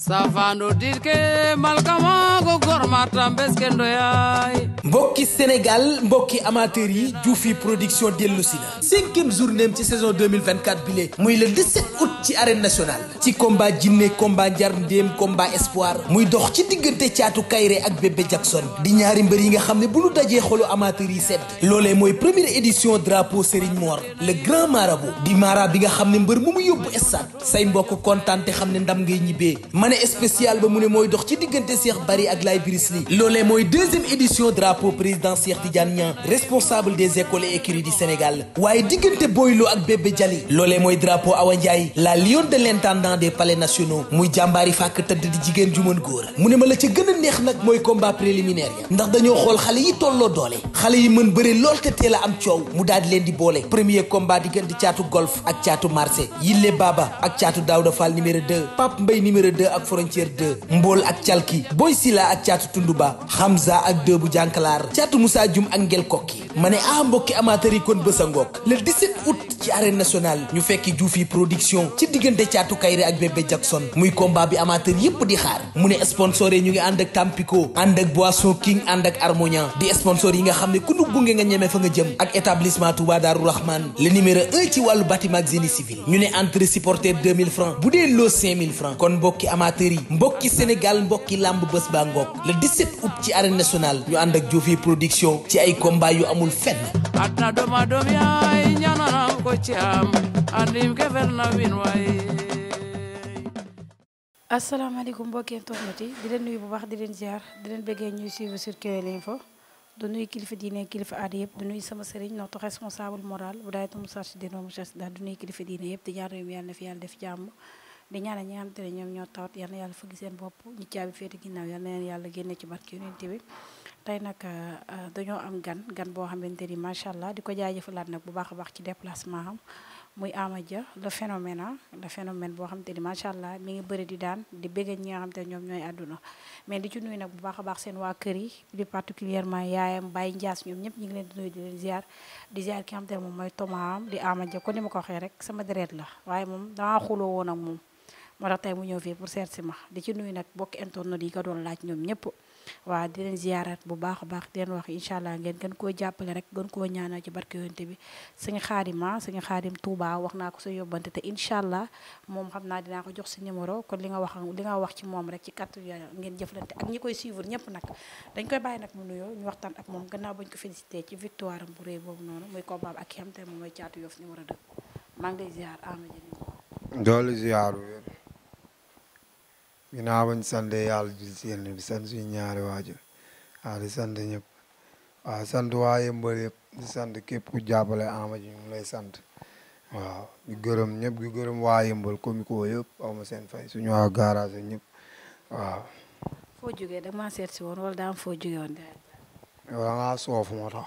safando dit ke malkamago gormatam beskendo yay mbokki Sénégal mbokki amateur yi Juufi production dellu si na cinquième journée am ci saison 2024 bi lee muy le 17 août ci arène nationale ci combat jinne combat njar ndéem combat espoir muy dox ci diggante caatu kayre ak bébé Jackson di ñaari mbër yi nga xam ne bu ñu dajee xolu amateur yi sedd loolee mooy première édition drapeau Serigne Mor le grand marabout di mara bi nga xam ne mbër mu mu yóbbu stade say mbokk kontaan te xam ne ndam ngay ñibbee ma ne spécial ba mu ne mooy dox ci diggante Cheikh Bari ak Laye Birisli loolee mooy deuxième drapeau président Cheikh Tidiane Niang responsable des écoles et écuries du Sénégal waaye diggante Boylo ak Bébé Jali loolee mooy drapeau Awa la lionne de l'intendant des palais nationaux muy jàmbaari fàkk tëdd di jigéen ju mën góor mu ne ma la ca gën a neex nag mooy combat préliminaire ya ndax dañoo xool xale yi tolloo doole xale yi mën bëre lool te teel am coow mu daal di leen di boole premier combat diggante caatu golf ak caatu marché Yille Baba ak caatu Daouda Fall numéro 2 Pape Mbaye numéro 2 ak frontière 2 Mbool ak Calki Boy Sila ak caatu Tunduba Hamza ak deux bu jànk Dakar ci atu ak Ngel Kokki ma ne ah mbokki amateur yi kon bés a ngoog le 17 août ci arène nationale ñu fekki Dioufy production ci diggante caatu Kayre ak bébé Jackson muy combat bi amateur yépp di xaar mu ne sponsor yi ñu ngi ànd ak Tampico ànd ak Boisson King ànd ak Harmonia di sponsor yi nga xam ne ku nu gunge nga ñeme fa nga jëm ak établissement Touba Darou Rahman le ci wàllu bâtiment ak civil ñu ne entrée supporter 2000 francs bu dee loo francs yi mbokki Sénégal mbokki làmb bés baa ngoog le 17 Dioufy production ci ay combat yu amul fenn adna doma dom yaay ñaananam ko ci am andim ke fer na win waay asalaamaaleykum mbokki internet yi di leen nuyu bu baax di leen ziar di leen bëggee ñuy suivre sur Kewel Info du nuyu kilifa diine kilifa aada yëpp du nuyu sama sëriñ notre responsable moral bu daay tam sarsi dinoo mu sarsi daal du nuyu kilifa diine yëpp di ñaan réew mi yàlla fi yàlla def jàmm di ñaanal ñi nga ñoom ñoo tawat yal na yàlla fëgg seen bopp ñi caabi féete ginnaaw yal na yàlla génne ci barke yonent bi tey nag euh, euh, dañoo am gan gan boo xamante ni macha allah di ko jaajëfalaat nag bu baax a baax ci déplacement am muy Ama Dia le phénomène ah le boo xamante ni macha allah mi ngi bëri di daan di bëgg ñi nga xamante ne ñoom ñooy àdduna mais di ci nuyu nag bu baax a baax seen waa kër yi plus particulièrement yaayam Baye Ndiass ñoom ñëpp ñu ngi leen di nuyu di leen moom mooy Tomaam di Ama Dia ko ni ma ko waxee rek sama deret la waaye moom damaa xuloo woon ak moom moo tax tey mu ñëw fii pour seet si ma di ci nuyu nag bokk internet yi ko doon laaj ñoom ñëpp waaw di leen ziarat bu baax a baax di leen wax incha allah ngeen gën jàppale rek gën koo ñaanal ci barke yonte bi sëñ xaadima sëñ xaadim Touba wax naa ko sa yóbbante te incha allah moom xam naa dinaa ko jox sa numéro kon li nga wax li nga wax ci moom rek ci kàttu ngeen jëflante ak ñi koy suivre ñëpp nag dañ koy bàyyi nag mu nuyoo ñu waxtaan ak moom gannaaw bañ ko félicité ci victoire bu réy boobu noonu muy combat ak ki xam te moom mooy caatu Yoff numéro 2 ginnaaw bañ sant yàlla jul si yéen ñaari waajur waaw di sant ñëpp waaw sant waa yëmbal yëpp di sant képp ku jàppale Ama ji la lay sant waaw di gërëm ñëpp di gërëm waa yëmbal comico yëpp aw ma seen fay suñu waa garage ñëpp waaw foo jógee maa seet si woon wala daa am woon daal yow da ngaa soof moo tax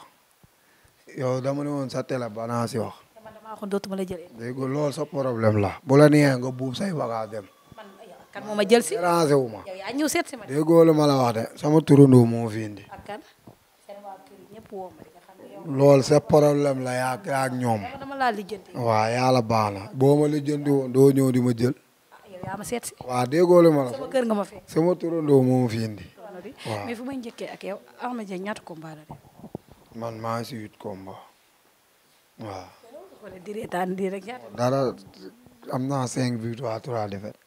yow dama ne woon sa télé banaa si wax dama dama waxoon dootuma la jëlee dégg loolu sa problème la bu la neexee nga kan ma jël si arrangé wu ma. la wax de sama turandoo moo fi indi. ak kan seen waa sa problème la yaa yaa ak ñoom. waaw yàlla baax na boo ma lijjanti woon doo ñëw di ma jël. Ah, waaw déggoo ma la. sama kër nga ma fekk sama turandoo moo fi indi. waaw mais fu may njëkkee ak yow Ama Dia ñaata combat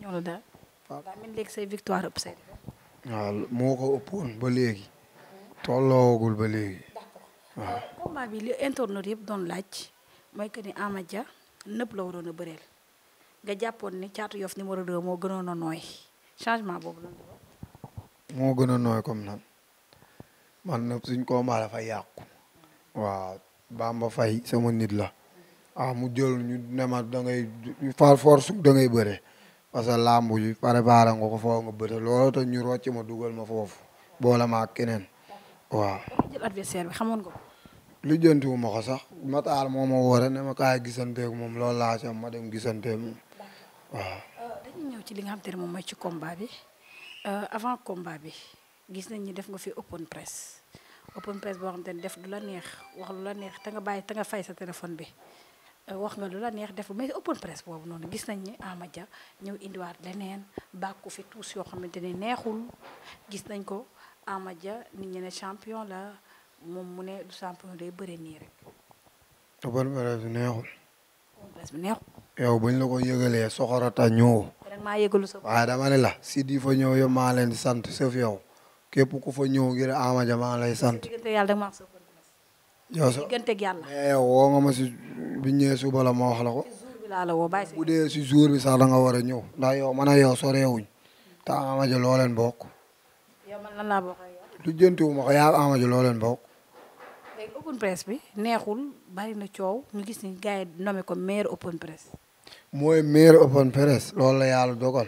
ñoo la waaw daa mel léegi moo ko ëpp ba léegi. tolloogul ba léegi. waaw euh, combat bi li internaute yëpp doon laaj mooy que ni Ama Dia nëpp la waroon a bëreel nga jàppoon ni caatu yof numéro moo gënoon a nooy changement boobu la. moo gën a nooy comme nan man nëpp suñ combat dafa yàqu. waaw Bamba Faye sama nit la. ah mu jël ñu ne ma da ngay far force bëre. parce que làmb yi préparé nga ko foo nga bëri looloo tax ñu rocc ma dugal ma foofu boole ma ak keneen waaw. xamoon nga ko. lijjanti wu ma ko sax Matar moo ma woore ne ma kaay gisanteeg moom lool laa ci ma dem gisanteeg moom waaw. Euh, dañuy ñëw ci li nga xam te ne moom mooy ci combat bi euh, avant combat bi gis nañ ni def nga fi open press open press boo xam te ne def du la neex wax lu la neex te nga bàyyi te nga fay sa téléphone bi. Euh, wax nga lu la neex def mais open press boobu noonu gis nañ ni Ama Dia ñëw indiwaat leneen bàkku fi tuus yoo xamante ne neexul gis nañ ko Ama Dia nit ñi ne champion la moom mu ne du champion day bëre nii rek. open press bi neexul. yow buñ la ko yëgalee soxorata ñëw. rek maa yëgalu sa waaye dama ne la si di fa ñëw yow maa leen di sant sauf yow képp ku fa ñëw ngir Ama maa lay sant. yow sax digganteeg yàlla. Eh, woo nga ma si bi ñëwee suba la ma wax la ko. bu dee si jour bi sax da nga war a ñëw ndax yow man ak yow soreewuñ ta Amathia loo leen bokk. yow man lan ma ko yaa Amathia loo leen bokk. léegi open press bi neexul bari na coow ñu gis ni la yàlla dogal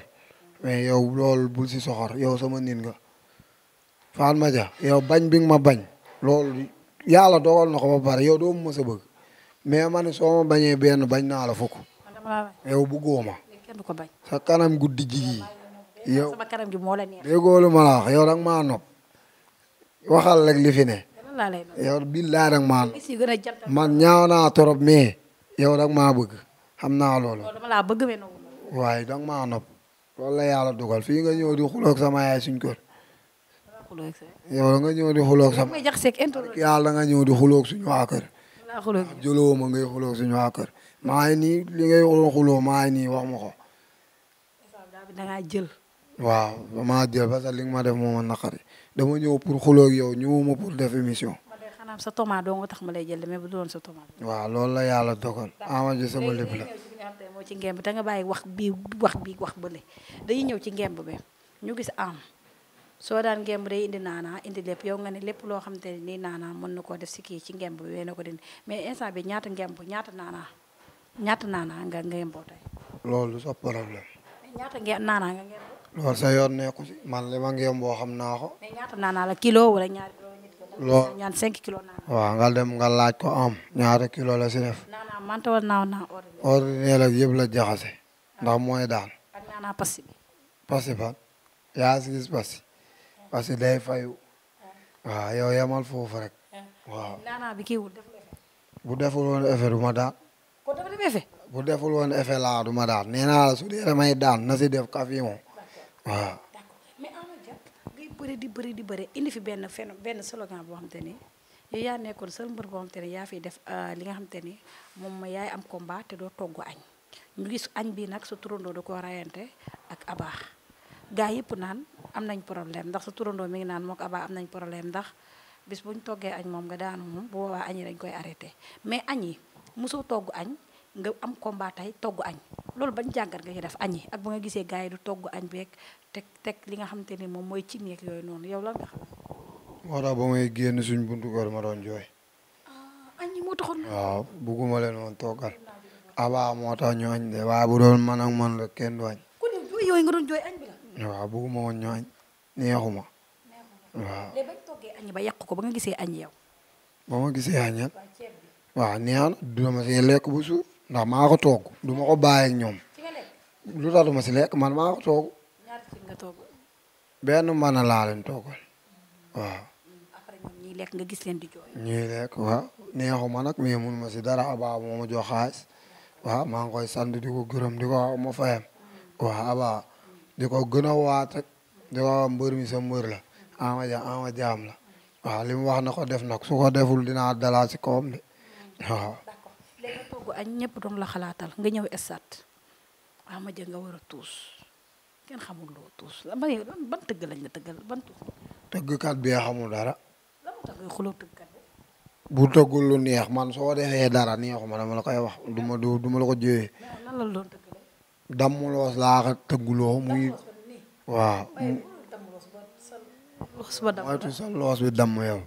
mais yow loolu bul si soxor yow sama nit nga. Fatma Dia yow bañ bi ma bañ loolu. yàlla dogal na ko ba pare yow doo mës a bëgg mais ma ne soo ma bañee benn bañ naa la fukk. yow bëggoo ma. sa kanam guddi jigi yow sama kanam gi moo la ma maa nopp waxal rek li fi ne. yow billaay danga maa man ñaaw naa maa bëgg xam naa loolu. waaye danga maa nopp la yàlla dogal fii nga ñëw di xuloog sama yaay suñ kër. yow nga ñëw di xuloog sama yàlla nga ñëw di xuloog suñu waa a ab jëloo ma ngay xuloog suñu waa kër maa ngi nii li ngay xuloo maa ngi nii wax ma ko waaw damaa jël parce que li ma def mooma naqari dama ñëw pour xuloog yow ñëwuma pour def émission maanaam sa tomate doo nga tax ma lay jël mais bu doon sa tomate. waaw loolu la yàlla dogal. ama ji sama lépp la ñu gis am soo daan ngemb day indi naanaa indi lépp yow nga ne lépp loo xamante ne nii naanaa mën na koo def si kii ci ngemb bi wee na ko dindi mais instant bi ñaata ngemb ñaata naanaa ñaata naanaa nga ngemboo tey. loolu sa problème. ñaata nge naanaa nga ngemboo. loolu sa si man li ma ngemboo xam naa ko. mais ñaata naanaa la kilo wala kilo. loolu nga laaj ko am ñaata kilo la si def. manta wala naaw ordinaire. ordinaire la jaxase. ndax mooy daal. ak naanaa gis pasi. parce que day fayu. waaw ah, yow yamal foofu rek. waaw bu deful woon effet du daan. kon la su dee damay daan na si def café waaw. bëri di bëri di bëri indi fi benn slogan boo xam te ni yow yaa nekkoon seul mbër boo xam te ni yaa fiy def euh, li nga xam te ni moom ma yaay am combat te doo togg añ ñu añ bi nag sa turandoo da ko rayante ak abaax gaa yëpp naan am nañ problème ndax su turandoo mi ngi naan moo ko abaa am nañ problème ndax bis bu ñu toggee añ moom nga daanu moom bu boobaa añ yi dañ koy arrêté mais añ yi mosoo togg añ nga am combat tey togg añ loolu bañ jàngat nga ci def añ yi ak ba gisee gars yi du togg añ beeg teg teg li nga xamante ni moom mooy cin yeeg yooyu noonu yow lan nga xam. moo tax suñ buntu kër ma doon jooy. Ah, añ yi moo taxoon. waaw bugguma leen woon toggal. ñu añ de waaye bu doon man ak la kenn du ku ne yooyu nga doon jooy waaw bëgguma ma ñu añ neexuma. waaw ba ñu ko ba nga gisee añ yow. ba ma gisee añ ak ah. waaw neex ma si lekk bu suur ndax maa ko toog du ma ko bàyyi ñoom lu tax ma si lekk man maa ko togg. benn mën a laa leen toggal waaw. ñuy lekk nga gis leen di jooy. ñuy lekk waaw neexuma nag mais mun si dara abaa moo ma jox xaalis maa ngi koy sant di ko gërëm di ko wax ma fayam waaw abaa di ko gën a waat rek di ko waa mbër mi sa mbër la ama jaam la waaw li wax na ko def nag su ko deful dinaa dalaa si kawam de waaw. añ ñëpp doon la xalaatal nga ñëw esat ama ja nga war tuus tëgg lañ la tëggal dara. bu tëggul lu neex man soo defee dara neexuma dama la koy wax du du ma la ko jëwee. dammuloos laa ko tëgguloo muy waaw moytu sa loos bi damm yow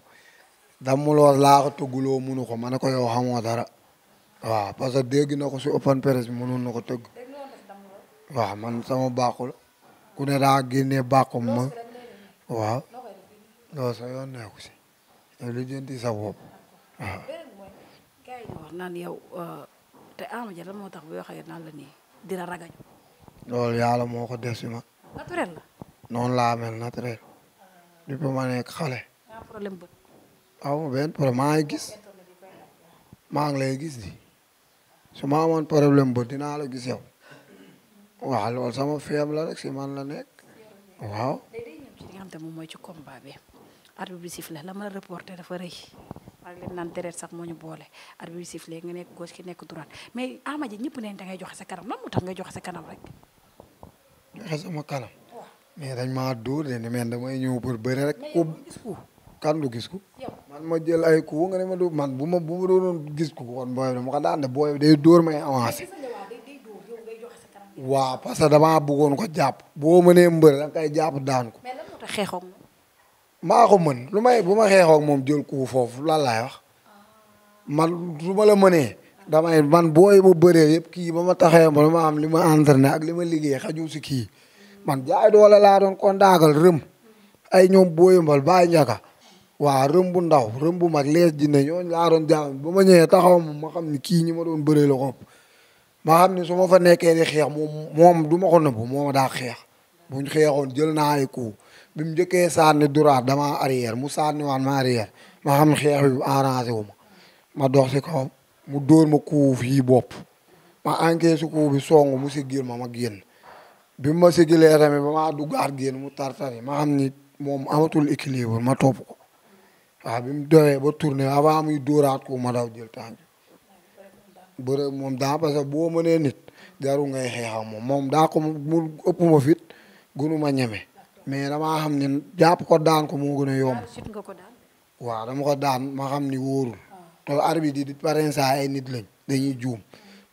dammuloos laa ko tëgguloo munu ko ma ne ko yow xamoo dara waaw parce que dégg na ko si open press bi mënoon na ko tëgg waaw man sama bàqu ku ne daa génnee bàqum ma waaw loolu sa yoon nekku si yow li sa bopp lool ragañu. yàlla moo ko def si ma. naturel la. noonu laa mel naturel. ma nekk xale. aw ma benn problème maa ngi gis maa ngi lay gis di su ma amoon problème bët dinaa la gis yow waaw loolu sama feeb la rek si man la nekk waaw. léegi moom mooy ci combat bi arbitre bi siffle la ma reporté dafa rëy. maa ngi leen naan sax moo ñu boole at bi siflee nga nekk gauche ki nekk droite mais Ama Dia ñëpp neen da ngay joxe sa kanam lan moo tax ngay joxe sa kanam rek. mais dañ maa dóor de ne man rek. ku kan gis ko. man ma jël ay ku nga ne ma man ma bu doon gis ko kon booy bi dama ko daan de booy bi day dóor may avancé. waaw parce que damaa bëggoon ko jàpp boo mënee mbër da nga koy jàpp daan ko. maa ko mën lu may bu ma xeexoog moom jël ku foofu lan laay wax man su ma damay man booy ma bëree yëpp kii ba ma taxee ba ma am li ma entraîné ak li ma liggéey xaju si kii man jaay doole laa doon kon rëm ay ñoom booy mbal bàyyi njaka waaw rëm bu ndaw rëm bu mag lees ji ne ñooñu laa doon jaam ba ma ñëwee taxaw ma xam ni kii ñi ma doon bëree la ko ma xam ni su ma fa nekkee di xeex moom moom du ma ko nëbbu ma daa xeex bu xeexoon jël naa ay ku bi mu njëkkee sànni duraat dama arrière mu sànni waan ma arrière ma xam xeex bi arrangé wu ma ma dox si kawam mu dóor ma kuu fii bopp ma enqué si kuu bi song mu siggil ma ma génn bi ma siggilee tamit ba maa duggaat génn mu tartari ma xam ni moom amatul équilibre ma topp ko waaw bi mu dowee ba tourné avant muy dóoraat ko ma daw jël tànk bëre moom daa parce que boo mënee nit jaru ngay xeexam moom moom daa ko mu ëpp ma fit gënu ma ñeme mais damaa xam ne jàpp ko daan ko moo gën a yomb. waaw dama ko daan ma xam ni wóorul. Ah. te arbitre di pareen saa ay nit lañ dañuy juum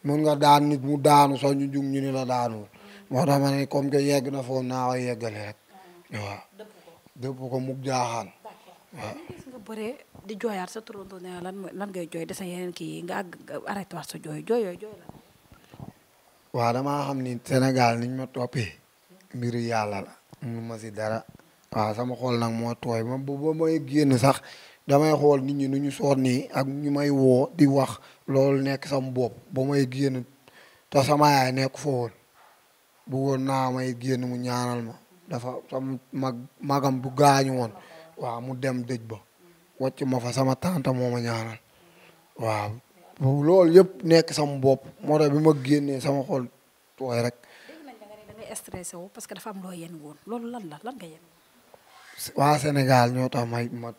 mën nga daan nit mu daanu soo ñu juum ñu ne la daanul moo tax ma ne comme que yegg na foofu naa koy yeggale rek ah. waaw. ko mu jaaxaan. waaw nga bëree di jooyaat sa turandoo ne damaa xam ni Sénégal niñ ma toppee mbiru yàlla la. mënu ma si dara waaw sama xool nag moo tooy ma bu ba may génn sax damay xool ni ñi nu ñu soon nii ak ñu may woo di wax lool nekk sama bopp ba may génn te sama yaay nekk foofu bëggoon naa may génn mu ñaanal ma dafa sama mag magam bu gaañu woon waaw mu dem dëj ba wàcc ma fa sama tante moo ma ñaanal waaw loolu yëpp nekk sama bopp moo tax bi ma génnee sama xol tooy rek stressé wu parce que am loo yéen woon loolu lan la lan nga waa Sénégal ñoo tax may ma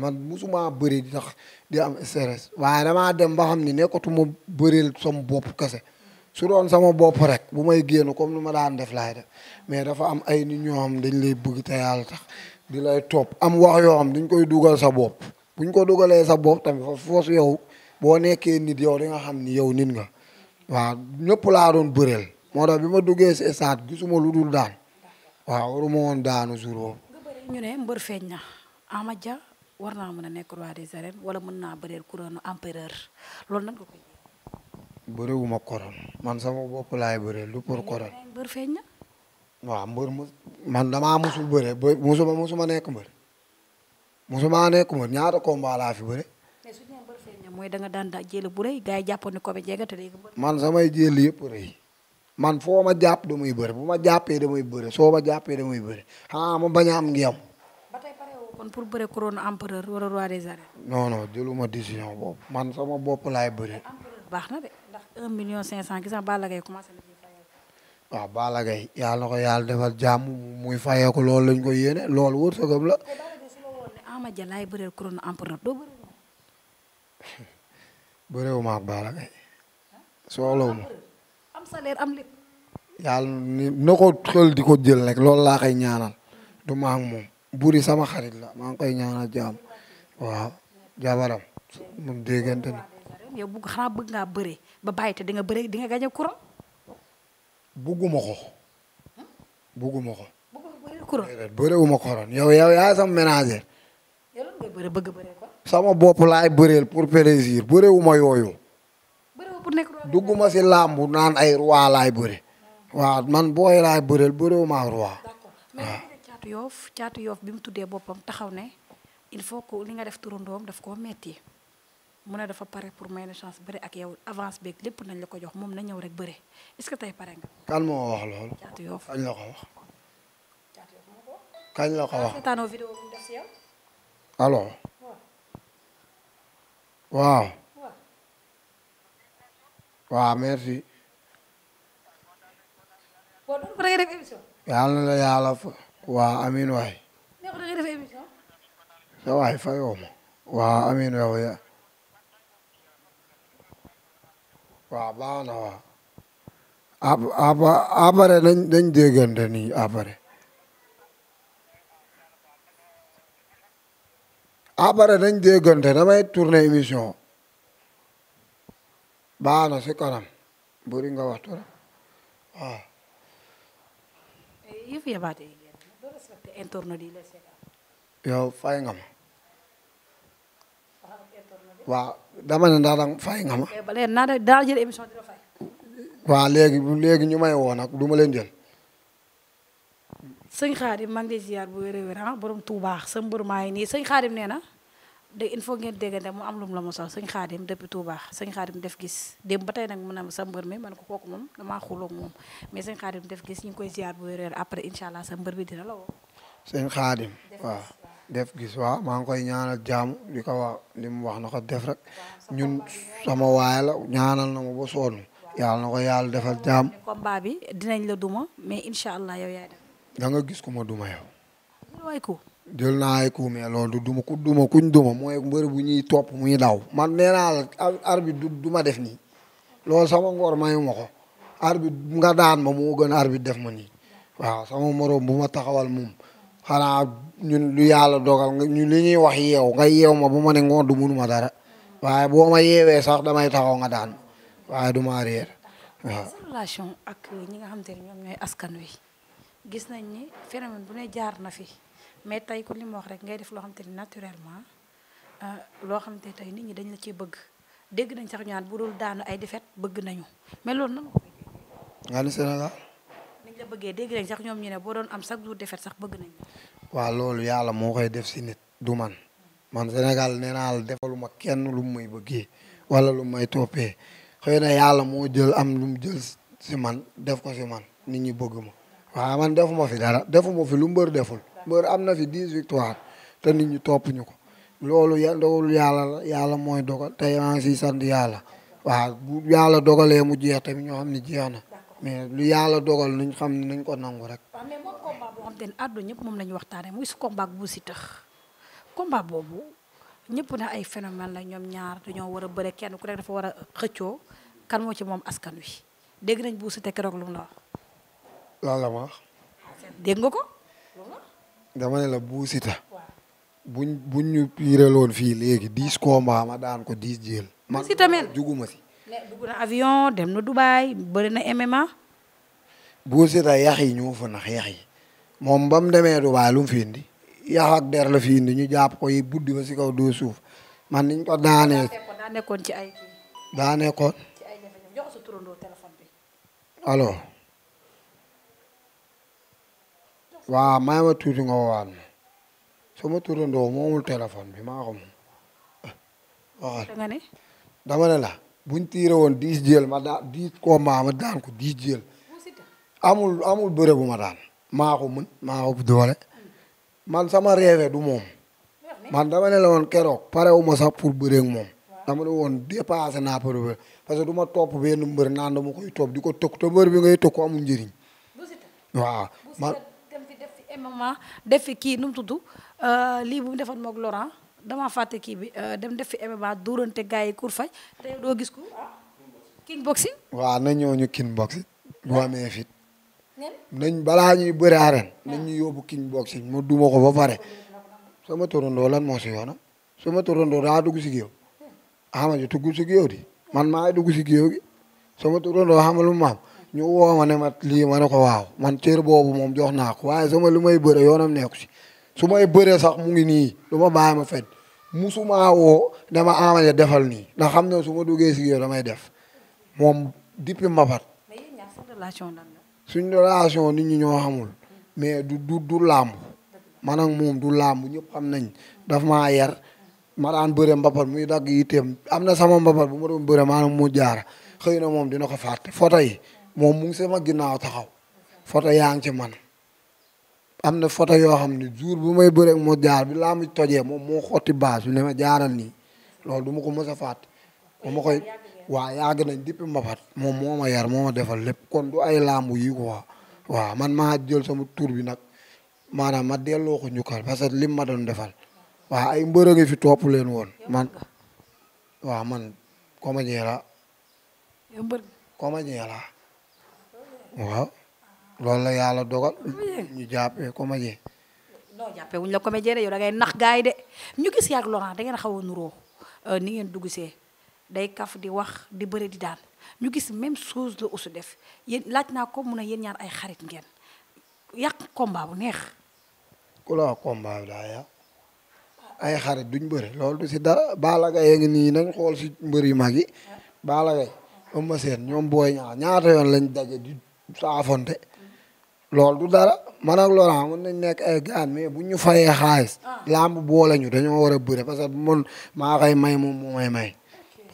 man musuma bëri di tax di am stress waaye damaa dem ba xam ne nekkatuma bëril sama bopp kese su doon sama bopp rek bu may génn comme ni ma daan def laay def mais dafa am ay nit ñoo xam dañ lay bëgg te yàlla tax di lay topp am wax yoo xam dañ koy dugal sa bopp buñ ko dugalee sa bopp tamit fa foos yow boo nekkee nit yow di nga xam ni yow nit nga waaw ñëpp laa doon bëreel moo tax bi ma duggee si stade gisuma lu dul daan waaw waruma woon daanu jour boobu. nga bëri ñu mbër feeñ na Ama ja war naa mën a nekk roi des arènes wala mën naa bëreel couronne empereur loolu nan nga koy. bëriwuma couronne man sama bopp laay bëreel du pour couronne. mbër feeñ na. waaw mbër mos man damaa mosul bëre ba mosuma mosuma nekk mbër mosuma nekk mbër ñaata combat laa fi bëre. mais su ñu daan jël bu rëy gars yi jàppoon ne comédien nga te léegi. man samay jël yëpp rëy. man foo ma jàpp damay bëre bu ma jàppee damay bëre soo ma jàppee damay bëre xanaa ma bañ a am ngeem. ba tey pare woo kon pour bëre couronne empereur wala roi des arènes. non non jëluma décision boobu man sama bopp laay bëre. baax na de ndax 1 million 500 nga Balla Gaye commencé na yàlla na ko yàlla defal jàmm muy fayeeku loolu lañ ko yéene loolu wërsëgam la. te Balla Gaye bëre. bëreewuma ak Balla Gaye soxlawuma. salaire am lépp. yàlla na ko xel di ko jël rek loolu laa koy ñaanal du ma ak moom buri sama xarit la maa ngi koy ñaanal jaam waaw jabaram moom déggante na. yow bugg xanaa bëgg ngaa bëree ba bàyyi te di nga bëree di nga gañ a kuram. bugguma ko. bugguma ko. bëriwuma koron yow yow yaay sama ménager. yow lan nga bëri bëgg bëree ko. sama bopp laay bëreel pour plaisir bëriwuma yooyu. pour nekk roi dugguma si làmb naan ay roi laay bëre. waaw man booy laay bëreel bëreewuma bi mu tuddee boppam taxaw ne il faut que li nga def turandoom daf koo metti mu ne dafa pare pour may na chance bëre ak yow avance beeg lépp nañ la ko jox moom na ñëw rek bëre est que tey pare nga. kan moo wax loolu. caatu yoof waaw. waaw ah, merci. boo doon pare fa. waaw amiin waay. sa waay fa yow ma. waaw amiin yow ya. waaw baax na waaw. aba abare nañ nañ déggante nii abare. abare nañ déggante émission. baax na si kanam buri nga waxtu eh, yow fay nga ma. waaw dama ne ndax danga fay nga ma. Eh, ba léegi naa ñu may woo nag du ma leen jël. sëñ Xaadim bu wér a wér ah borom Tuubaa sa mbër nii sëñ Xaadim nee na. de il faut ngeen déggante mu am lum la mosal sëñ xaadim depuis Touba sëñ xaadim def gis démb ba tey nag mën a sa mbër mi man ko kooku moom damaa xuloog moom mais sëñ xaadim def gis ñu ngi koy ziar bu réer après incha allah sa mbër bi dina la woo. sëñ xaadim waaw def gis waaw maa ngi koy ñaanal jaamu di ko wax li mu wax na ko def rek ñun sama waay la ñaanal na ma ba sonn yàlla na ko yàlla defal jaam. combat bi dinañ la duma mais incha allah yow yaay def. da nga gis ku ma duma yow. jël naa ay coup mais du duma ku duma kuñ duma mooy mbër bu ñuy topp muy daw man nee naa la arbitre du du def nii lool sama ngor ma ma ko arbitre nga daan ma mu gën arbitre def ma nii waaw sama moroom bu ma taxawal moom xanaa ñun lu yàlla dogal nga ñu li ñuy wax yeew nga yeew ma bu ma ne ngoon du mënuma dara waaye boo ma yeewee sax damay taxaw nga daan waaye du ma réer waaw. nga xam te askan wi gis nañ ni phénomène bu na fi. mais tey ku li mu wax rek ngay def loo xamante ni naturellement euh, loo xamante tey nit ñi dañ la ci bëgg dégg nañ sax ñu bu dul daanu ay defet bëgg nañu mais loolu nan nga bëggee dégg nañ sax ñoom ñu ne boo doon am chaque jour defet sax bëgg nañu waaw loolu yàlla moo koy def si nit du man man Sénégal nee naa la defaluma kenn lu muy bëggee wala lu may toppee xëy na yàlla moo jël am lu mu jël si man def ko si man nit ñi bëgg ma waaw man defuma fi dara defuma fi lu mbër deful mbër am na fi dix victoire te nit ñi topp ñu ko loolu ya dogalu yàlla la yàlla mooy dogal te maa ngi siy sant yàlla waaw bu yàlla dogalee mu jeex tamit ñoo xam ne jeex na mais lu yàlla dogal nañ xam ne nañ ko nangu rek. waaw mais moom te ne àdduna ñëpp moom la ñu waxtaanee muy su combat bu si tax combat boobu ñëpp na ay phénomène lañ ñoom ñaar ñoo war a bëre kenn ku nekk dafa war a xëccoo kan moo ci moom askan wi dégg nañ bu si te keroog lu mu la wax. lan la dama ne la Bou Siteu buñ buñ ñu piiraloon fii léegi dix combats ma daan ko dix jël. man juguma si. dugg na avion dem na Dubaay bëri na MMA. Bou Siteu yi ñoo fa nax yax yi moom ba mu demee Dubaay lu mu fi indi der la fi ñu jàpp ko yi buddi ba si kaw doo suuf man niñ ko daanee. daa nekkoon ci ay. daa ko sa waa may ma tuuti nga woowaat ma sama turandoo moomul téléphone bi maa xam dama ne la buñ tiire woon dix jël ma daan dix combat ma daan ko dix jël amul amul bëre bu ma daan maa ko mën maa doole man sama réewe du moom man dama ne la woon keroog pare wu ma sax pour bëree ak moom dama ne woon dépassé naa problème parce que du ma topp benn mbër naan dama koy topp di ko tëkk te mbër bi ngay tëkk ko amul njëriñ waaw man MMA def kii nu mu tudd euh, lii bu mu defoon moog Laurent damaa fàtte kii bi euh, dem def fi MMA dóorante gars yi kur faj doo gis ko ah. king boxing. waaw na ñëw ñu king boxing. bu amee fit. nañ balaa ñuy bëri arène nañ ñu yobu king boxi mu duma ko ba pare. sama torondoo lan moo si yoonam sama torondoo daa dugg si géew xam hmm. nga tuggul si géew di man maa dugg si géew gi sama torondoo xamal lu maam ñu woo ma ne ma lii ma ne ko waaw man cër boobu moom jox naa ko waaye sama lu may bëre yoonam nekku si su may bëree sax mu ngi nii lu ma bàyyi ma fen musuma woo dama amaje ah, defal nii ndax xam ne su ma duggee si yow damay def moom depuis mbapat suñ relation nit ñi ñoo xamul mais du du du làmb man ak moom du làmb ñëpp xam nañ daf ma yar ma daan bëre mbapat muy dagg yitteem am na sama mbapat bu ma doon bëre maanaam mu jaara xëy na moom dina ko fàtte foto moom mu ngi sama ginnaaw taxaw photo yaa ngi ci man am na foto yoo xam ne jour bu may bëreeg moo jaar bi laa toje moom moo xotti base bi ne ma jaaral nii loolu du ma ko mës a fàtte ba ma koy waa yàgg nañ depuis mbapat moom moo ma yar moo ma defal lépp kon du ay làmbu yi quoi waaw man maa jël sama tur bi nag maanaam ma delloo ko njukkal parce que lim ma doon defal waaw ay mbër a fi topp leen woon man waaw man comédien la comédien waaw loolu la yàlla dogal. ñu jàppee comédien. non jàppee wuñ la comédien de yow da ngay nax gaay de ñu gis yaak Laurent da ngeen xaw a nuroo euh, ni ngeen dugg see day kaf di wax di bëri di daan ñu gis même chose la aussi def yéen laaj naa ko mun a yéen ñaar ay xarit ngeen yàq combat bu neex. ku la wax combat bi daa yàq ay xarit duñ bëri loolu du si dara Balla Gaye ngi nii nañ xool si mbër yu mag yi Balla Gaye Eumeu seen ñoom booy ñaar ñaata yoon lañ daje di. saafonte loolu du dara man ak mu mën nañ nekk ay gaan mais bu ñu fayee xaalis ah. lamb boole ñu dañoo war a bëre parce que man maa koy may moom mu may may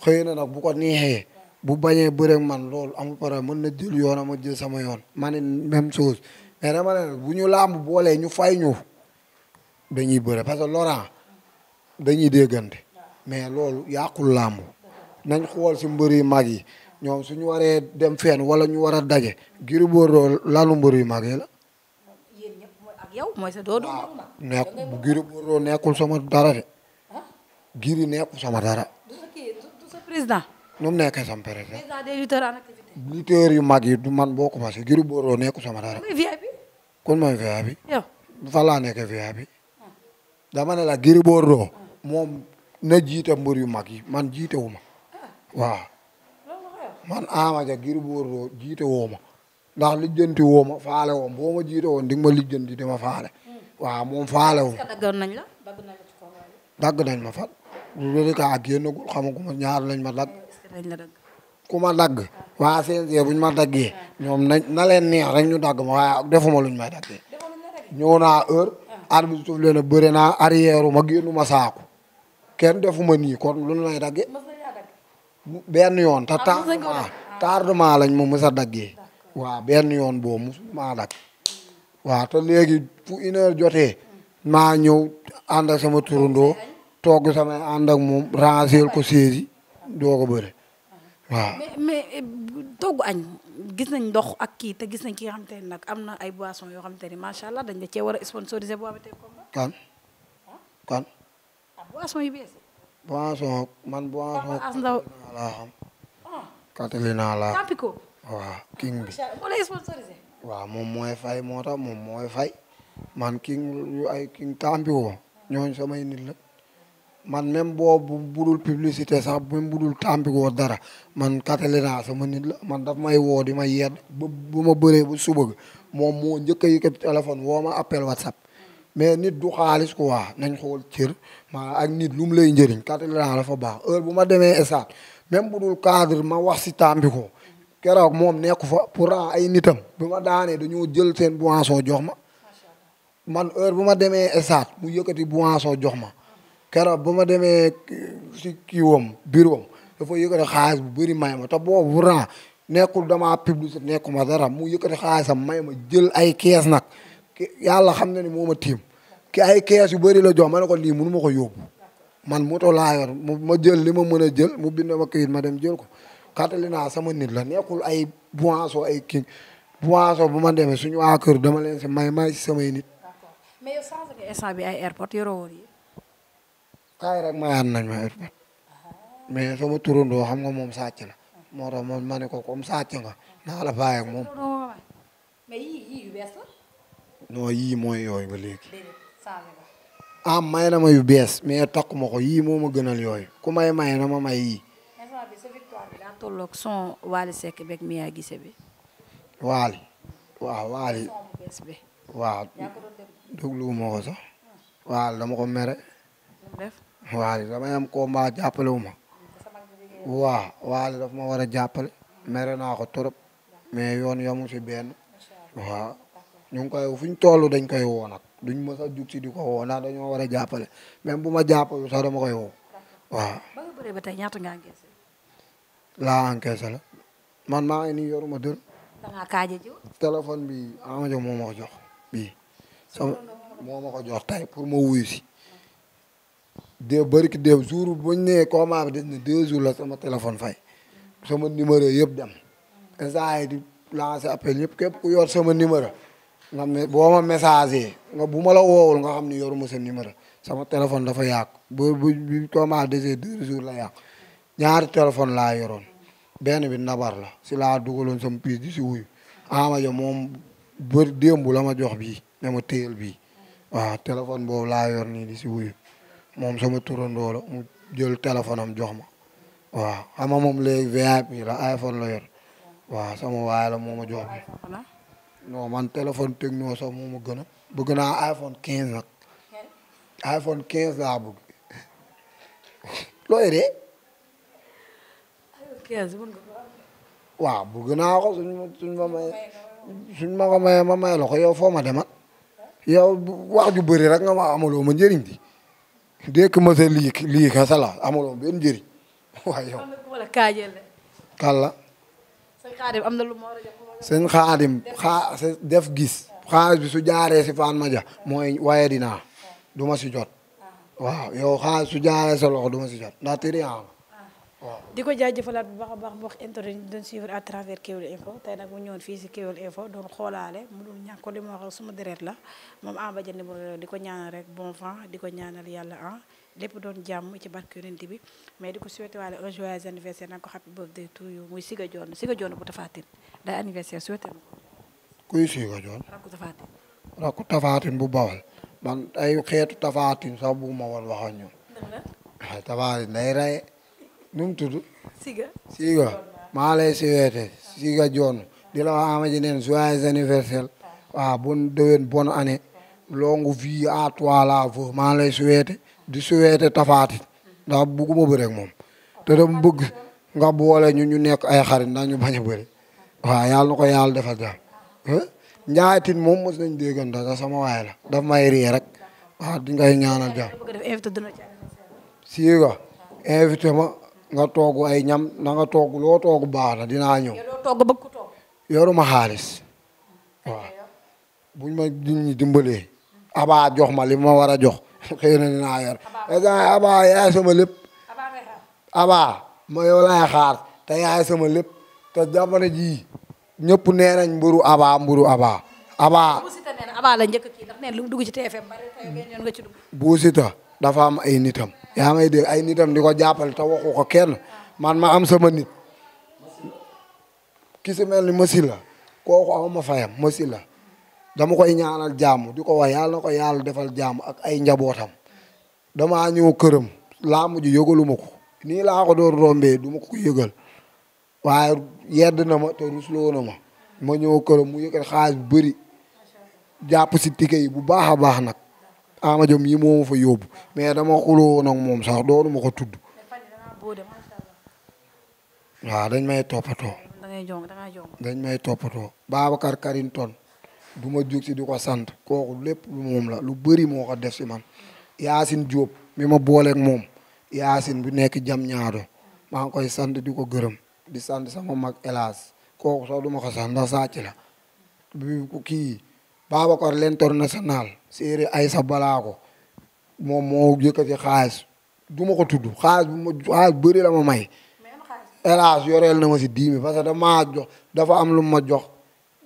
xëy na nag bu ko neexee bu bañee bëre man lool amul problème mën na jël yoon ma jël sama yoon ma ne même chose mais dama bu ñu lamb boolee ñu fay ñu dañuy bëre parce que Laurent dañuy déggante ah. mais loolu yàqul lamb nañ xool si mbër yu mag yi ñoom suñu waree dem fenn wala ñu war a daje. Gris Bordeaux lalu mbër yu mag yi la. yéen ñëpp mooy ak yow mooy nekk Gris dara de. Ah? Gris nekkul sama dara. du sa kii du sa président. yu mag man boo commencé Gris Bordeaux nekkul sama dara. mooy VIP. kon mooy VIP. yow fan laa nekkee VIP. Ah. dama ne la Gris Bordeaux. moom na jiite mbër yu mag yi man jiite wu ah. man Ama Dia Gris Bordeaux jiite woo ma ndax lijjanti woo faale woon boo ma jiite woon di nga ma di ma faale. Hmm. waaw moom faale woon. dagg nañ ma fan. lu dul kaa génnagul xamaguma ñaar lañ ma dagg. ku ma dagg. waa CNG buñ ma daggee. ñoom nañ na leen neex rek ñu dagg ma waaye defuma luñ may daggee. ñëw naa heure. Ah. arbitre bi suuf leen naa arrière ma génnu ma saako. kenn defuma nii kon lu lay benn yoon ta te tardement tardement lañ ma mës a daggee waaw benn yoon boobu mosu maa dagg waaw te léegi fu une jotee maa ñëw ànd ak sama turandoo togg samay ànd ak moom ranger ko saisi doo ko bëre ah. waaw. mais mais eh, togg gis nañ ndox ak kii te gis nañ ki nga xamante ne nag am na ay boissons yoo xamante ne macha allah dañ la cee war a sponsoriser boo boisson man boisson. as ndaw laa xam. laa. Tampico. waaw king bi. moo lay sponsorisé. waaw moom mooy fay moo tax moom mooy fay man king yu ay king Tampico ñooñu nit la man même boobu budul publicité sax même budul Tampico dara man Catalina sama nit la man daf may woo di ma yedd ba bu ma bëree bu suba moom moo njëkk a yëkkati téléphone woo ma appel WhatsApp. mais nit du xaalis quoi nañ xool cër maa ak nit lu mu lay njëriñ Catalina fa baax heure bu ma demee stade même bu dul cadre ma wax si tàmbi ko keroog moom nekku fa pourtant ay nitam bi ma daanee dañoo jël seen boisson jox ma man heure bu ma demee stade mu yëkkati boisson jox ma keroog bu ma demee si kiiwam biiram dafa yëkkati xaalis bu bëri may ma te boobu pourtant nekkul damaa publicité nekkuma dara mu yëkkati xaalisam may ma jël ay kees nag yàlla xam na ne moo ma tiim ki ay kees yu bari la jox ma ne ko lii mun ma ko yóbbu man moto laa yor ma jël li ma mën a jël mu bind ma këyit ma dem jël ko Catalina sama nit la nekkul ay boisson ay kii boisson bu ma demee suñu waa kër dama leen si may may si samay nit. d'accord mais yow changé nga instant bi ay airport yoroo woon yi. kaay rek mayaat nañ ma airport mais sama turandoo xam nga moom sàcc la moo tax man ma ne ko comme sàcc nga naa la bàyyi ak moom. mais yii yii yu non yii mooy yooyu ba léegi. ah may na ma yu bees mais takkuma ko yii moo ma gënal yooyu ku may may na ma may yii. tolloog son Waly Seck beeg Mia bi. Waly. waaw Waly. waaw dégluwuma ko sax. Hmm. Waly dama ko mere. Waly damay am combat wu ma. waaw Waly ma war a jàppale. mere naa ko trop. mais yoon yamu ci benn. waaw. ñu ngi koy fu ñu toll dañ koy woo nag duñ mës a jug di ko woo ndax dañoo war a jàppale même bu ma jàppalu sax dama koy woo waaw. ba nga bëree ba tey la man maa ngi nii yoruma dër. da téléphone bi Amadio moo ma ko jox bii ma ko jox tey pour ma wuyu de bëri ki de jour bu ñu nee combat bi des na deux jours la sama téléphone fay sama numéro yëpp dem instant yii di lancer appel yëpp képp ku yor sama numéro. nga me boo ma messager nga bu ma la woowul nga xam ni yoruma sa numéro sama téléphone dafa yàqu bu bu bu comment dese deux jours la yàqu ñaari téléphone laa yoroon benn bi nabar la si la dugaloon sama piis di si wuyu ama jo moom bër démb la ma jox bii ne ma téyel bii waaw téléphone boobu laa yor nii di si wuyu moom sama turandoo la mu jël téléphone am jox ma waa ama moom léegi VIP la iPhone la yor waaw sama waay la moo ma non man téléphone techno sax moo ma gën a. bëgg naa iPhone 15 nag. iPhone 15 laa looy de. waaw bëgg naa ko suñ ma ma may suñ ma ko may ma may wax ju bëri rek nga ma amaloo ma njëriñ di dégg ma sa lii lii kasa la amaloo benn njëriñ sëñ xaadim xaa def gis xaalis bi su jaaree si Fatma Dia mooy waaye dinaa du ma si jot ah. waaw yow xaalis su jaaree sa loxo du si jot ndax tëri di ko jaajëfalaat bu baax a baax mbokk internet ñu doon suivre à travers Kewel Info tey nag mu ñëwoon fii si Kewel Info doon xoolaale mu dul ñàkk ko li ma wax suma deret la moom Amba Dieng di ko ñaanal rek bon vent di ko ñaanal yàlla ah lépp doon jàmm ci barke yonent bi mais di ko souhaité waale un joyeux anniversaire nanga ko happy birthday to you muy Siga Dione Siga Dione bu tafaatin day anniversaire souhaité kuy Siga Dione. rakku tafaatin. rakku tafaatin bu bawal man ay xeetu tafaatin sax bu ma woon waxoon ñu. tafaatin day rey. nu mu tudd. Siga Siga maa lay souhaité Siga Dione di la wax amati neen joyeux anniversaire waaw bonne déwén bonne année longue vie à toi la veuve maa lay souhaité di souhaité tafaati ndax bugguma bëri ak moom te dama bëgg nga boole ñu ñu nekk ay xarit ndax ñu bañ a bëri waaw yàlla na ko yàlla defal daal njaatin moom mos nañ déggan da sama waay la daf may rée rek waaw di ngay ñaanal daal Siga invité nga toogu ay ñam na nga toogu loo toogu baax na dinaa ñëw. yoruma xaalis waaw buñ ma nit ñi dimbalee. abaa jox ma li ma war a jox xëy na dinaa yor abaa yaay sama lépp. abaa ma yow xaar te yaay sama lépp te jamono jii ñëpp nee nañ mburu abaa mburu abaa. abaa buusita dafa am ay nitam. yaa may dégg ay nitam di ko jàppale te waxu ko kenn man ma am sama nit ki mel ni masi la kooku amuma fayam masi la dama koy ñaanal jàmm di ko wax yàlla na ko yàlla defal jàmm ak ay njabootam dama ñëw këram laa mujj yëgaluma ko nii laa ko doon rombee du ma yëgal waaye yedd ma te rusloo na ma ma ñëw këram mu yëgal xaalis bëri jàpp si tike yi bu baax a baax nag Ama Dia mii moo ma fa yóbbu mais dama xuloo woon ak moom sax doonu ma ko tudd. waaw dañ may toppatoo. dañ may toppatoo. Babacar Karinton du ma jug si di ko sant kooku lépp lu moom la lu bari moo ko def si man. yaasin Diop mi ma booleeg moom yaasin bu nekk jam ñaado maa ngi koy sant di ko gërëm di sant sama mag hélas kooku sax du ma ko sant ndax sàcc la bi kii Babacar national séeri ay sa balaa ko moo yëkkati xaalis du ma ko tudd xaalis bu ma xaalis la ma may hélas yoreel na ma si dix mille parce que damaa jox dafa am lu ma jox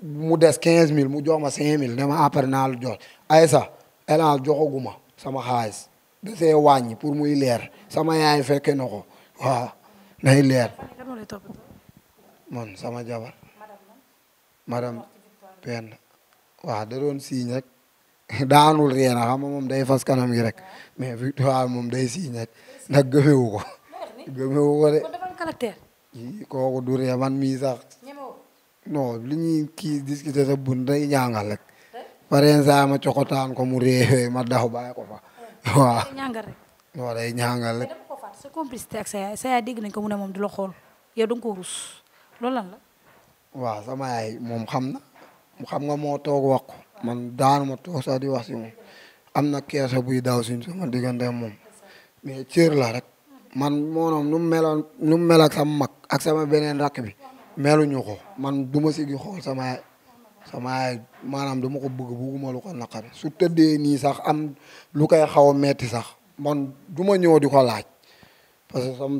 mu des quinze mille mu jox ma cinq mille dama après naa lu jox ay sa hélas joxaguma sama xaalis da see wàññi pour muy leer sama yaay fekke na ko waaw nay leer man sama jabar madame Penda waaw da doon siiñ daanul rien xam nga moom day fas kanam gi rek mais victoire moom day signé nag gëmewu ko gëmewu ko de kooku du rien man mii sax non li ñuy kii discuter sa bun day ñaangal rek pareen saa ma cokotaan ko mu réewee ma daw bàyyi ko fa wa non day ñaangal rek sa yaay sa nañ ko mu ne moom du la xool yow da nga ko rus loolu lan la waaw sama yaay moom xam na xam nga moo toog wax man daanu ma toog sax di wax si moom am na keesa buy daaw suñ sama diggante moom mais cër la rek man moonoom nu mu meloon nu mu sama mag ak sama beneen rakk bi meluñu ko man du ma si xool sama sama maanaam dama ko bëgg bëgguma lu ko naqari su tëddee nii sax am lu koy xaw a metti sax man du ma ñëw di ko laaj parce que sam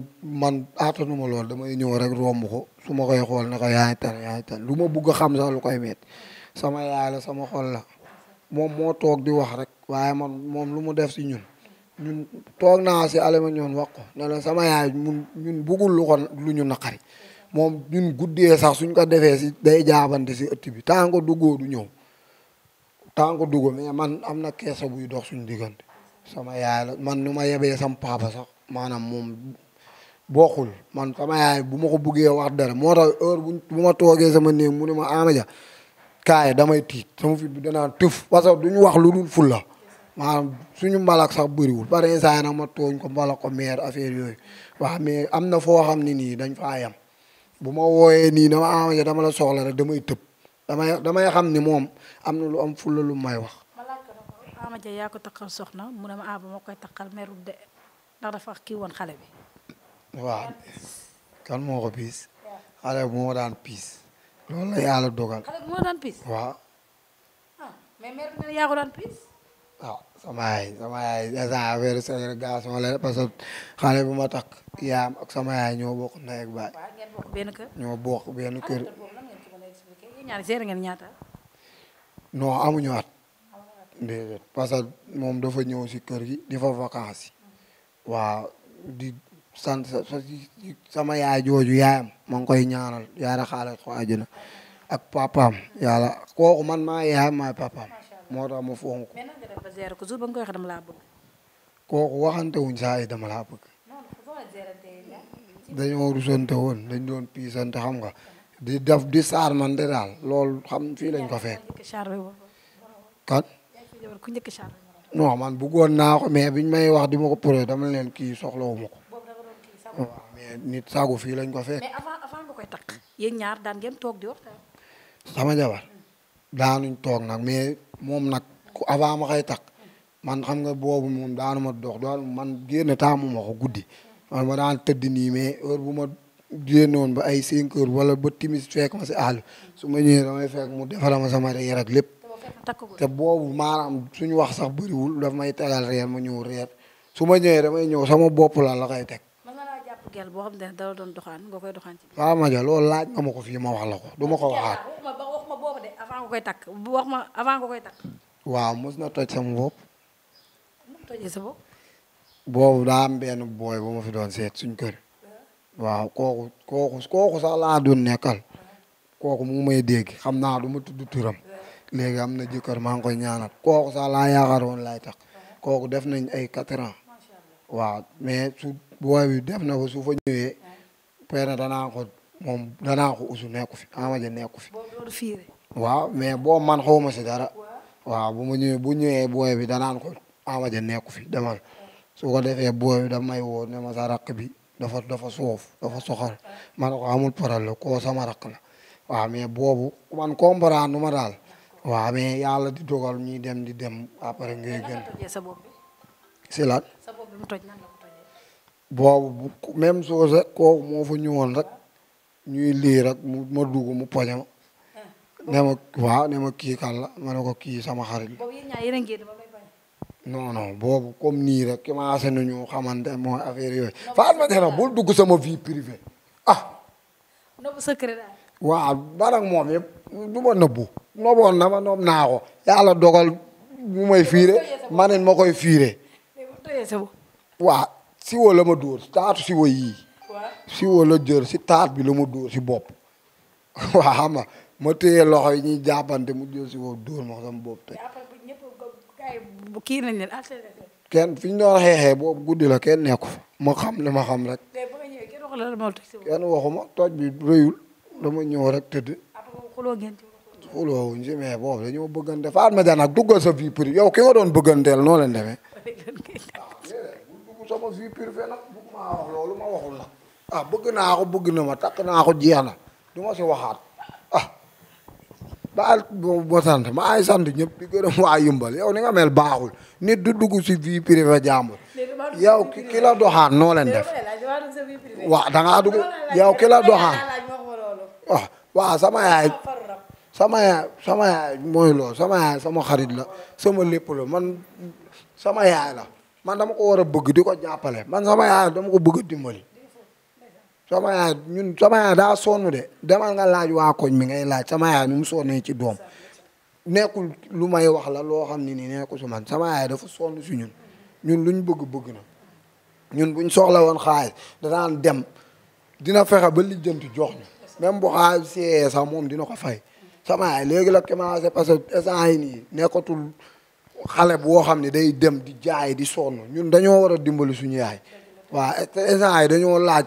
man aatanuma lool damay ñëw rek romb ko su ma koy xool na ko yaay tan yaay lu ma bëgg xam sax lu koy metti sama yaay la sama xol la moom moo toog di wax rek waaye man moom lu mu def si ñun ñun toog naa si alema ñoon wax ko ne sama yaay mun ñun buggul lu ko lu ñu naqari moom ñun guddee sax suñ ko defee si day jaabante si ëtt bi tàngo duggoo du ñëw tàngo duggoo mais man am na keesa buy dox suñ diggante sama yaay la man nu ma yebee sam papa sax maanaam moom boo bokkul man sama yaay bu ma ko buggee wax dara moo tax heure bu ma toogee sama néeg mu ne ma amaja kaay damay tiit sama fit bi danaa tëf parce que wax lu dul fulla maanaam suñu mbalak sax bëriwul par exemple nag ma tooñ ko mbala ko meer affaire yooy wa mais am na foo xam ne nii dañ faa yam bu ma wooyee nii dama am dama la soxla rek damay tëb damay damay xam ni moom am na lu am fulla lu may wax. Ama ko takkal soxna mu ah, koy takkal merul de ndax dafa kan moo ko piis. xale moo daan piis. loolu la yàlla dogal. xale bi moo daan ah, sama yaay sama yaay dèjà affaire ségrégation la parce xale bu ma takk yaam ak sama yaay ñoo bokk ndey baay. ñoo bokk benn kër. non amuñu at. déedéet moom dafa ñëw si kër gi di fa vacances. Mm. waaw di sant sama yaay jooju yaayam ma ngi koy ñaanal yàlla xaaral ko àjjana ak papaam yàlla kooku man maa yaayam maay papaam moo tax ma fonk ko kooku waxante wuñ saa yi dama laa bëgg dañoo rusante woon dañ doon piisante xam nga di def di saar man de daal loolu xam fii lañ ko fekk kan non man bëggoon naa ko mais biñ may wax di ma ko puree dama leen kii soxlawu ma ko waaw mais nit saagu fii lañ ko fekk. mais avant avant nga toog di waxtaan. sama jabar daanuñ toog nag mais moom nag ku avant ma koy takk man xam nga boobu moom daanu ma dox doon man génn taamu ma ko guddi man ma daan tëdd nii mais heure bu ma génnoon ba ay 5 heures wala ba timis fekk ma si àll su ma ñëwee damay fekk mu defal ma sama reer ak lépp. te boobu maanaam suñu wax sax bëriwul daf may tegal reer ma ñëw reer su ma ñëwee damay ñëw sama bopp la la koy teg. magal boo xam ne dala doon doxaan nga koy doxaan ci waaw loolu laaj nga ko fii ma wax ko du ma ko waxaat waxuma boobu waaw mos na toj sama bopp daa am benn booy bu ma fi doon seet suñ kër waaw kooku kooku kooku sax laa doon nekkal kooku mu may dégg xam naa du ma tudd turam léegi am na jëkkër maa ngi koy ñaanal kooku sax laa yaakaar woon laay tax kooku def nañ ay quatre ans waaw mais su bu waay bi def na ko su fa ñëwee. pexe danaa moom danaa ko usu nekku fi ama ja nekku fi. waaw mais boo man xaw ma si dara. waaw bu ma ñëwee bu ñëwee booy bi danaan ko ama ja nekku fi demal su ko defee booy bi da may woo ne ma sa rakk bi dafa dafa soof dafa soxal ma ne ko amul problème ko sama rakk la waaw mais boobu man comprendre ma daal. wa mais yàlla di dogal ñuy dem di dem après ngay gën. si boobu même chose rek kooku moo fa ñëwoon rek ñuy lii rek mu ma dugg mu poñe ma ah. ne ma ne kii kan la ko kii sama xarit non non boobu comme nii rek commencé nañu xamante mooy affaire yooyu Fatma nee na bul dugg sama vie privée ah. nëbb secret daal. waaw man ak moom yëpp du ma nëbbu. noboon na ma nob naa ko yàlla dogal mu may fiire ma ne fiire. waaw. siwo la ma dóor taatu siwo yii siwo la jër si taat bi la ma dóor si bopp waa xam nga ma téye loxo yi ñuy jàppante mu jël siwo dóor ma sama bopp te kii nañ leen kenn fi ñu doon xeexee boobu guddi la kenn nekku fa ma xam li ma xam rek kenn waxuma toj bi rëyul dama ñëw rek tëdd xuloo wuñ si mais boobu dañoo bëggante Fatma Dia nag duggal sa vie privée yow ki nga doon bëgganteel noo leen demee sama vie privée nag ah, bëgg naa ko bëgg na ma takk naa ko jeex na du ma si waxaat ah baal ma sant ma ay sant ñëpp di gërëm waa Yumbal yow ni nga mel baaxul nit du dugg si vie privée jàmbur yow ki ki doxaan noo leen def waaw da ngaa dugg doxaan waaw ah, waaw sama yaay sama yaay sama yaay sama yaay sama xarit la sama lépp la man sama yaay la man dama ko war a bëgg di ko jàppale man sama yaay dama ko bëgg dimbali sama yaay ñun sama yaay daa sonn de demal nga laaj waa koñ mi ngay laaj sama yaay nu mu sonnee ci doom nekkul lu may wax la loo xam ne nii nekkul su man sama yaay dafa sonn si ñun ñun luñ bëgg bëgg na ñun buñ soxla woon xaalis danaan dem dina fexe ba lijjanti jox ñu même bu xaalis see sax moom dina ko fay sama yaay léegi la commencé parce que instant yi nii nekkatul. xale boo xam ne day dem di jaay di sonn ñun dañoo war a dimbali suñu yaay waaw te yi dañoo laaj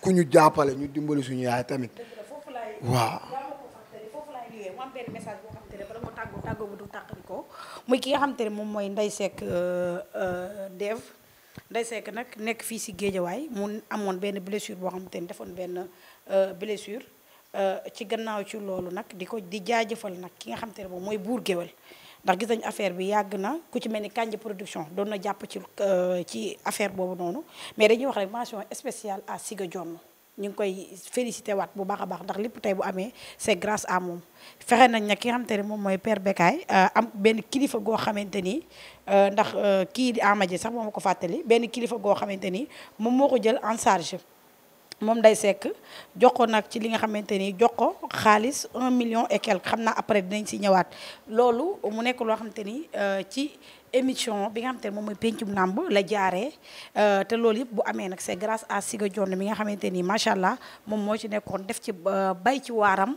ku ñu jàppale ñu dimbali suñu yaay tamit waaw muy ki nga xam te ne moom mooy Ndeye Seck euh, euh, Dev Ndeye Seck nag nekk fii si Géejawaay mu amoon benn blessure boo xam te ne defoon benn euh, blessure ci gannaaw ci loolu nag di ko di jaajëfal nag ki nga xam te ne moom mooy buur géwél ndax gis nañ affaire bi yàgg na ku ci mel ni Kandji production doon na jàpp ci euh, ci affaire boobu noonu mais dañuy wax rek mention spéciale à Siga Dione ñu ngi koy félicité waat bu baax a baax ndax lépp tey bu amee c'est grâce à moom fexe nañ ne kii nga xamante ne moom mooy père euh, am benn kilifa goo xamante ni euh, ndax kii di Ama sax moo ko fàttali benn kilifa goo xamante ni moom moo ko jël en charge moom day sekk jox ko nag ci li nga xamante ni jox ko xaalis un million et quelque xam naa après dinañ si ñëwaat loolu mu nekk loo xamante ni euh, ci émission bi nga xamante ni moom mooy pencum làmb la jaaree euh, te loolu yëpp bu amee nag c'est grâce à Siga jon bi nga xamante ni macha allah moom moo ci nekkoon def ci euh, bay ci waaram.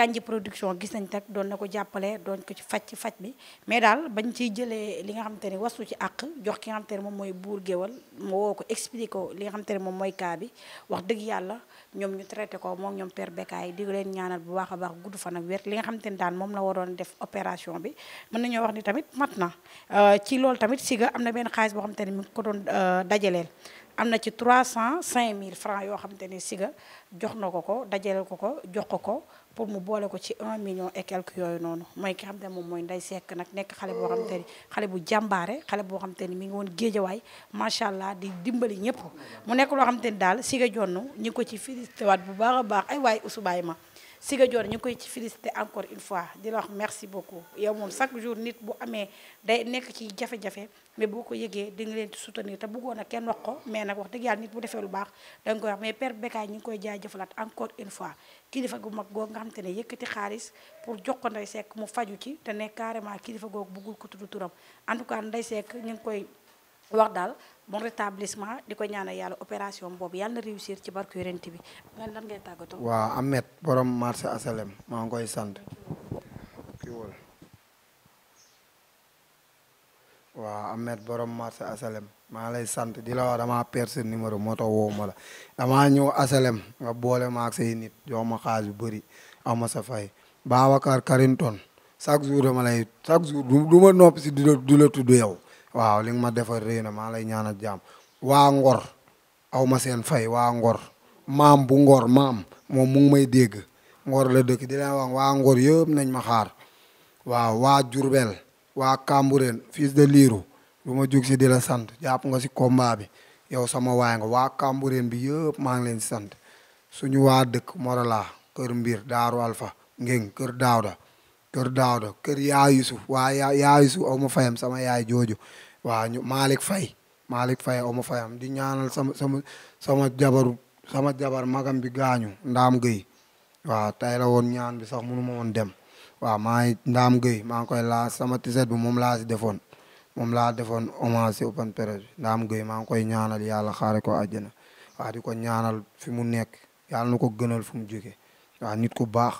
Kandji production gis nañ nag doon na ko jàppale doon ko ci faj ci faj bi mais daal bañ ciy jëlee li nga xamante ne wasu ci àq jox ki nga xamante ne moom mooy buur géwal mu woo ko expliqué li nga xamante ne moom mooy cas bi wax dëgg yàlla ñoom ñu traite ko moom ñoom père yi di leen ñaanal bu baax a baax gudd fa nag wér li nga xamante ni daan moom la waroon def opération bi mën nañoo wax ni tamit mat na euh, ci loolu tamit siga am na benn xaalis boo xamante ne mi ngi ko doon euh, dajaleel am na ci cinq mille francs yoo xamante ne siga jox na ko ko dajaleel ko ko jox ko ko pour mu boole ko ci un million et yooyu noonu mooy ki xam te moom mooy Ndeye Seck nag nekk xale boo xam te ni xale bu jàmbaare xale boo xam te ni mi ngi woon géejawaay macha allah di dimbali ñëpp mu nekk loo xam te ni daal Siga Jonn ñu ko ci félicité waat bu baax a baax ay waay usubaay ma Siga Dior ñu koy ci félicité encore une fois di la wax merci beaucoup yow moom chaque jour nit bu amee day nekk ci jafe-jafe mais boo ko yëgee di nga leen di soutenir te bëggoon a kenn wax ko mais nag wax dëgg yàlla nit bu defee lu baax da nga koy wax mais Père Bécaye ñu ngi koy jaay jaajëfalaat encore une fois kilifa gu mag googu nga xam te ne yëkkati xaalis pour jox ko Ndeye Seck mu faju ci te ne carrément kilifa googu bëggul ko tudd turam en tout cas ngi koy wax daal bon rétablissement di ko ñaanal yàlla opération boobu yàlla na réussir ci barke Yonent bi lan lan ngay tàggatoo. marché asalem maa ngi koy sant. waaw Ahmed borom marché asalem lay sant di la wax damaa perdre numéro moo tax woo ma la damaa ñëw asalem nga boole ma say nit jox ma xaalis bëri ama sa fay Babacar Karinton chaque jour dama lay chaque jour du noppi si du la tudd yow. waaw li nga ma defar réy na maa lay a jàmm waa ngor aw ma seen fay waa ngor maam bu ngor maam moom mu may dégg ngor la dëkk di leen waa ngor yëpp nañ ma xaar waa waa jurbel waa kambureen fils de liiru lu ma jug si di sant jàpp nga si combat bi yow sama waay nga waa kambureen bi yëpp maa ngi leen sant suñu waa dëkk morala kër mbir daaru alfa ngéng kër daawda kër Daawda kër yaa Yusuf waa yaa yaa Yusuf aw ma fayam sama yaay jooju waa ñu Malick Faye Malick Faye aw ma fayam di ñaanal sama sama sama jabaru sama jabar magam bi gaañu Ndaam Gueye waaw tey la woon ñaan bi sax mënu ma woon dem waaw maa ngi Ndaam Gueye maa ngi koy laas sama tiset bi moom laa si defoon moom laa defoon hommage si open presse bi Ndaam Gueye maa ngi koy ñaanal yàlla xaare ko àjjana waaw di ko ñaanal fi mu nekk yàlla na ko gënal fu mu jóge waaw nit ku baax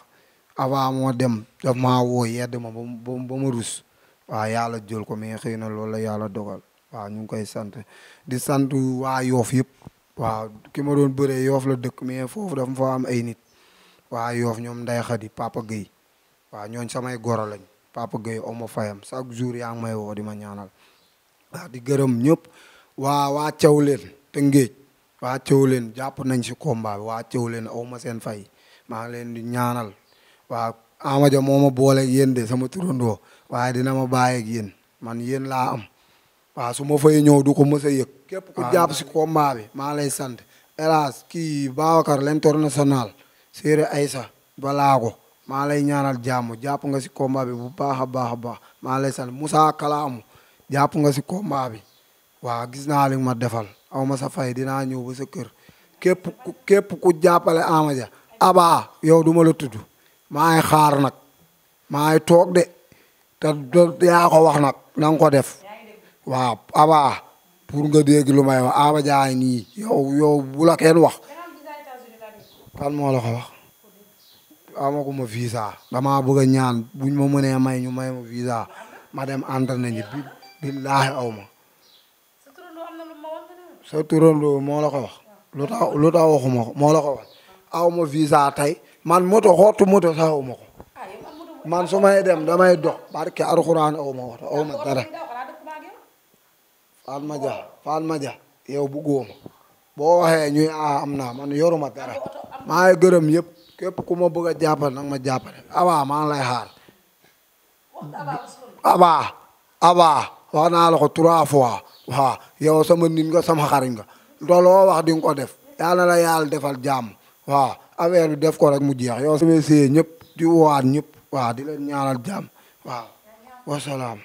avant moo dem daf maa woo yedd ma ba mu ba mu rus waaw yàlla jël ko mais xëy na loolu la yàlla dogal waaw ñu ngi koy sant di sant waa yoof yëpp waaw ki ma doon bëree yoof la dëkk mais foofu dafa fa am ay nit waa yoof ñoom nday xadi papa Guèye waaw ñooñ samay goro lañ papa Guèye oma fayam chaque jour yaa ngi may woo di ma ñaanal di gërëm ñëpp waa waa caw leen te ngéej waa caw leen jàpp nañ si combat bi waa caw leen aw ma seen fay maa leen di ñaanal waaw Amadio moo ma boole yéen de sama turandoo waaye dina ma bàyyi ak man yéen laa am waaw su ma fay ñëw du ko mës a képp ku jàpp si combat bi maa lay sant. hélas kii Babacar l'international Séré Aïssa balaa ko maa lay ñaanal jàmm jàpp nga si combat bu baax a baax a baax maa lay sant Moussa Kalaamu jàpp nga si combat bi waaw gis naa li ma defal aw ma sa fay dinaa ñëw ba sa kër képp ku képp ku jàppale Ama Dia aba yow du ma la tudd. maa ngi xaar nag maa ngi toog de te yaa ko wax nag na nga ko def waaw abaa pour nga dégg lu may wax aba jaay nii yow yow bu la kenn wax kan moo la ko wax amaguma visa dama bëgg a ñaan buñ ma mënee may ñu ma visa ma dem entraîné ñi bi billaahi aw ma sa turandoo moo la ko wax lu tax lu tax waxuma ko moo aw ma visa tey man moto xottu moto sax aw ma ko man su may dem damay dox barke alxuraan aw ma woto aw ma dara Faal ma ja Faal ma ja yow bu góoma boo waxee ñuy a ah, am naa man yoruma dara maa ngi gërëm yëpp képp ku ma bëgg a jàppale nag ma jàppale abaa maa lay xaar abaa abaa wax naa la ko trois fois waaw yow sama nit nga sama xarit nga looloo wax di nga ko def yàlla la yàlla defal jàmm waaw affaire bi def ko rek mu jeex yow sama see ñëpp di woowaat ñëpp waaw di leen ñaanal jàmm waaw wasalaam.